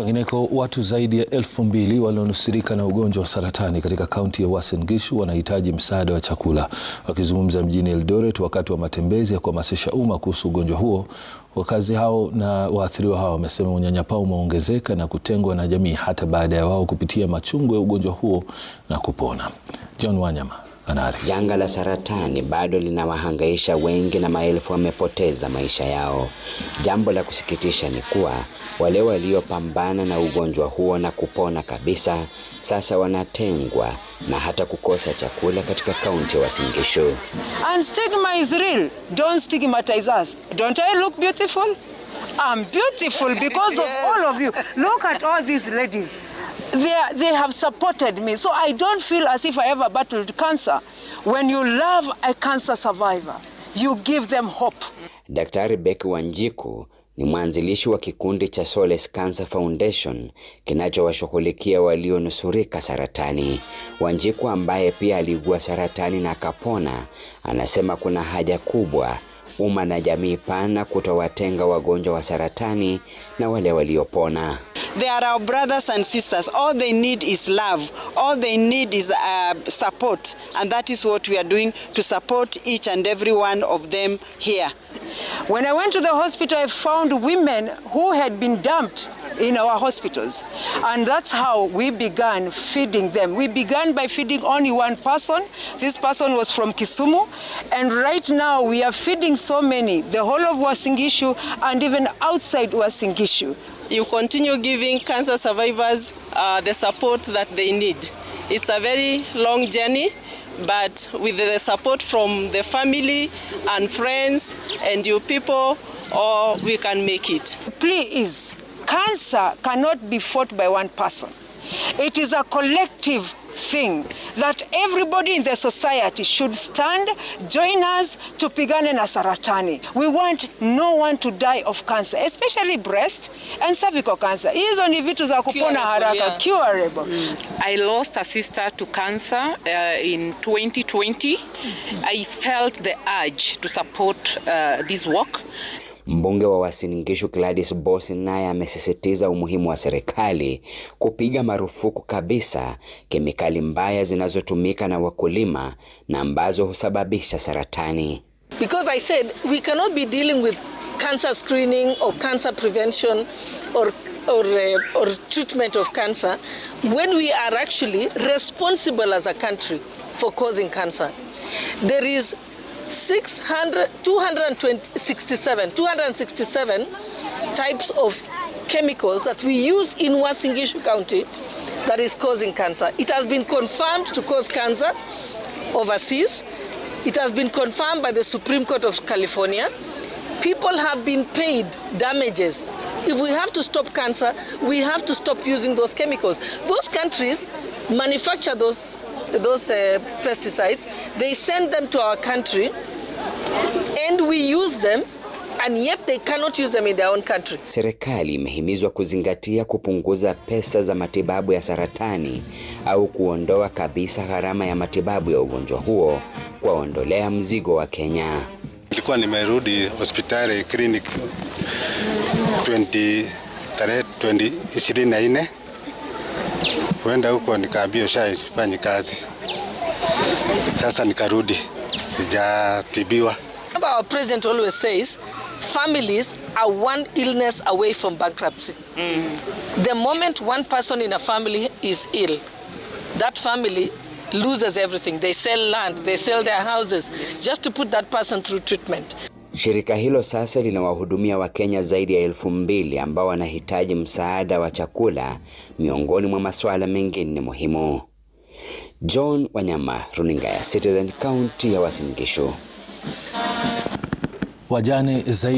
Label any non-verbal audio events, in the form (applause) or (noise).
Kwengineko, watu zaidi ya elfu mbili walionusurika na ugonjwa wa saratani katika kaunti ya Uasin Gishu wanahitaji msaada wa chakula. Wakizungumza mjini Eldoret wakati wa matembezi ya kuhamasisha umma kuhusu ugonjwa huo, wakazi hao na waathiriwa hao wamesema unyanyapaa umeongezeka na kutengwa na jamii hata baada ya wao kupitia machungu ya ugonjwa huo na kupona. John Wanyama anaarifu. Janga la saratani bado linawahangaisha wengi na maelfu wamepoteza maisha yao. Jambo la kusikitisha ni kuwa wale waliopambana na ugonjwa huo na kupona kabisa sasa wanatengwa na hata kukosa chakula katika kaunti ya Uasin Gishu. And stigma is real. Don't stigmatize us. Don't I look beautiful? I'm beautiful because of (laughs) all of you. Look at all these ladies. They, are, they have supported me. So I don't feel as if I ever battled cancer. When you love a cancer survivor, you give them hope. Daktari Becky Wanjiku ni mwanzilishi wa kikundi cha Soles Cancer Foundation kinachowashughulikia walionusurika saratani. Wanjiku ambaye pia aliugua saratani na akapona, anasema kuna haja kubwa umma na jamii pana kutowatenga wagonjwa wa saratani na wale waliopona. They are our brothers and sisters. All they need is love. All they need is uh, support. And that is what we are doing to support each and every one of them here. When I went to the hospital, I found women who had been dumped in our hospitals. And that's how we began feeding them. We began by feeding only one person. This person was from Kisumu. And right now we are feeding so many, the whole of Wasingishu and even outside Wasingishu. you continue giving cancer survivors uh, the support that they need. It's a very long journey, but with the support from the family and friends and you people, or oh, we can make it. Please, cancer cannot be fought by one person. It is a collective thing that everybody in the society should stand, join us tupigane na saratani. We want no one to die of cancer, especially breast and cervical cancer. Hizo ni vitu za kupona haraka, curable. I lost a sister to cancer uh, in 2020. I felt the urge to support uh, this work. Mbunge wa Uasin Gishu Gladys Bosi naye amesisitiza umuhimu wa serikali kupiga marufuku kabisa kemikali mbaya zinazotumika na wakulima na ambazo husababisha saratani. Because I said we cannot be dealing with cancer screening or cancer prevention or or uh, or treatment of cancer when we are actually responsible as a country for causing cancer. There is 267, 267 types of chemicals that we use in Wasingishu County that is causing cancer. It has been confirmed to cause cancer overseas. It has been confirmed by the Supreme Court of California. People have been paid damages. If we have to stop cancer, we have to stop using those chemicals. Those countries manufacture those those uh, pesticides. They send them to our country and we use them and yet they cannot use them in their own country. Serikali imehimizwa kuzingatia kupunguza pesa za matibabu ya saratani au kuondoa kabisa gharama ya matibabu ya ugonjwa huo kwa ondolea mzigo wa Kenya. Nilikuwa nimerudi hospitali clinic 20 tarehe 2024 kuenda huko nikaambia ushafanyi kazi. Sasa nikarudi sijatibiwa. Our president always says families are one illness away from bankruptcy. Mm. The moment one person in a family is ill, that family loses everything. They sell land, they sell their houses just to put that person through treatment. Shirika hilo sasa linawahudumia Wakenya zaidi ya elfu mbili ambao wanahitaji msaada wa chakula miongoni mwa masuala mengine muhimu. John Wanyama, Runinga ya Citizen, kaunti ya Uasin Gishu. Wajane zaidi